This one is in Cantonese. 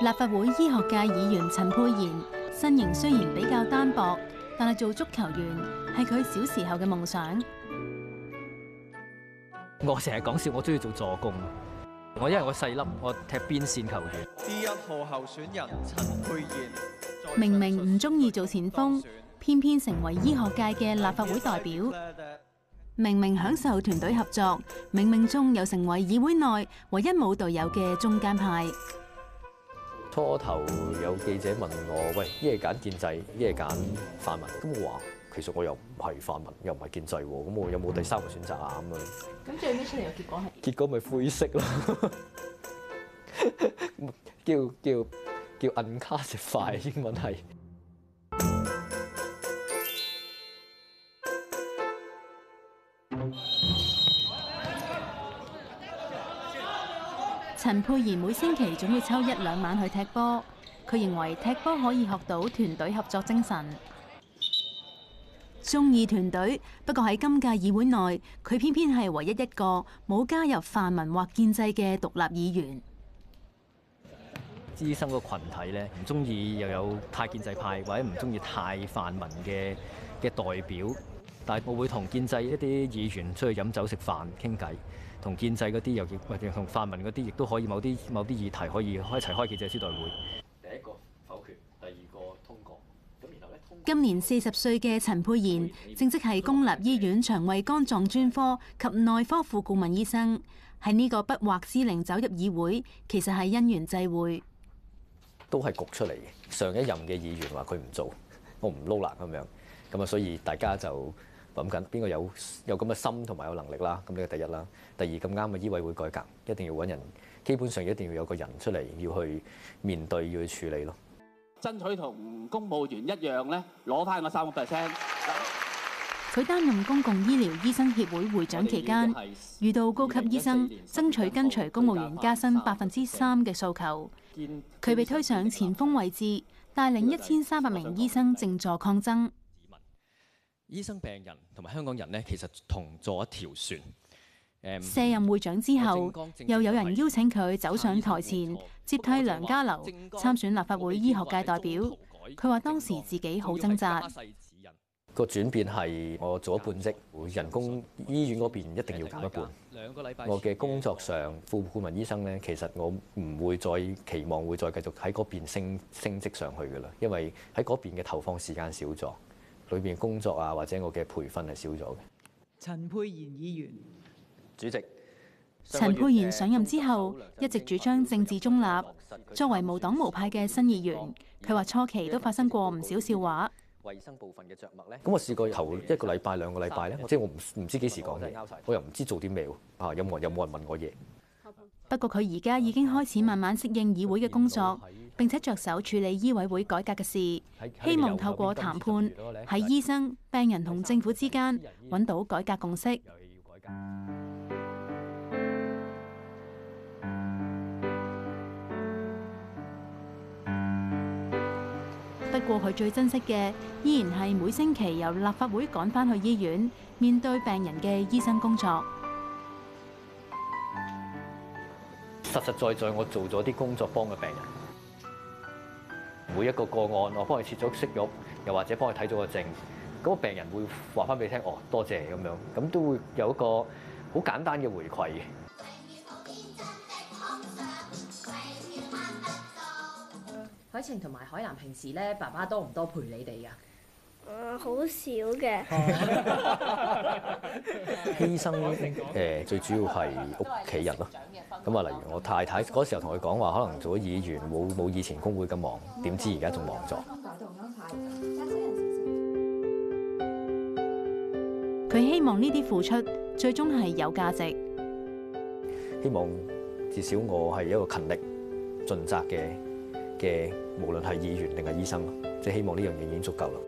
立法會醫學界議員陳沛然身形雖然比較單薄，但係做足球員係佢小時候嘅夢想。我成日講笑，我中意做助攻。我因為我細粒，我踢邊線球嘅。第一號候選人陳沛然，明明唔中意做前鋒，偏偏成為醫學界嘅立法會代表。明明享受團隊合作，冥冥中又成為議會內唯一冇隊友嘅中間派。初頭有記者問我：喂，一係揀建制，一係揀泛民。咁我話：其實我又唔係泛民，又唔係建制喎。咁我有冇第三個選擇啊？咁樣。咁最尾出嚟嘅結果係？結果咪灰色咯。 叫叫叫 unclassified 英文係。陳沛然每星期總會抽一兩晚去踢波，佢認為踢波可以學到團隊合作精神，中意團隊。不過喺今屆議會內，佢偏偏係唯一一個冇加入泛民或建制嘅獨立議員。資深個群體咧，唔中意又有太建制派或者唔中意太泛民嘅嘅代表。但係我會同建制一啲議員出去飲酒食飯傾偈，同建制嗰啲又亦，或者同泛民嗰啲亦都可以某啲某啲議題可以一齊開記者招待會。第一個否決，第二個通過，咁然後呢。今年四十歲嘅陳沛然，正職係公立醫院腸胃肝臟專科及內科副顧問醫生，喺呢個不惑之齡走入議會，其實係因緣際會。都係焗出嚟嘅，上一任嘅議員話佢唔做，我唔撈啦咁樣，咁啊所以大家就。諗緊邊個有有咁嘅心同埋有能力啦，咁呢個第一啦。第二咁啱嘅醫委會改革，一定要揾人，基本上一定要有個人出嚟要去面對，要去處理咯。爭取同公務員一樣咧，攞翻個三個 percent。佢擔任公共醫療醫生協會會長期間，遇到高級醫生爭取跟隨公務員加薪百分之三嘅訴求，佢被推上前鋒位置，帶領一千三百名醫生靜坐抗爭。醫生、病人同埋香港人呢，其實同坐一條船。嗯、卸任會長之後，正正正是是又有人邀請佢走上台前接替梁家騮參選立法會醫學界代表。佢話當時自己好掙扎。個轉變係我做咗半職人工，醫院嗰邊一定要減一半。我嘅工作上，副顧問醫生呢，其實我唔會再期望會再繼續喺嗰邊升升職上去㗎啦，因為喺嗰邊嘅投放時間少咗。裏面工作啊，或者我嘅培訓係少咗嘅。陳沛然議員，主席。陳沛然上任之後，一直主張政治中立。作為無黨無派嘅新議員，佢話初期都發生過唔少笑話。衛生部分嘅着墨咧？咁我試過頭一個禮拜兩個禮拜咧，年年即係我唔唔知幾時講我又唔知做啲咩喎。啊，有冇有冇人，人問我嘢？不過佢而家已經開始慢慢適應議會嘅工作，並且着手處理醫委會改革嘅事，希望透過談判，喺醫生、病人同政府之間揾到改革共識。不過佢最珍惜嘅依然係每星期由立法會趕返去醫院，面對病人嘅醫生工作。實實在在，我做咗啲工作幫嘅病人，每一個個案，我幫佢切咗息肉，又或者幫佢睇咗個症，咁、嗰個病人會話翻俾你聽，哦，多謝咁樣，咁都會有一個好簡單嘅回饋嘅。海晴同埋海南平時咧，爸爸多唔多陪你哋噶？呃、好少嘅。 犧牲誒，最主要係屋企人咯。咁啊，例如我太太嗰時候同佢講話，可能做咗議員冇冇以前工會咁忙，點知而家仲忙咗。佢希望呢啲付出最終係有價值。希望至少我係一個勤力盡責嘅嘅，無論係議員定係醫生，即係希望呢樣嘢已經足夠啦。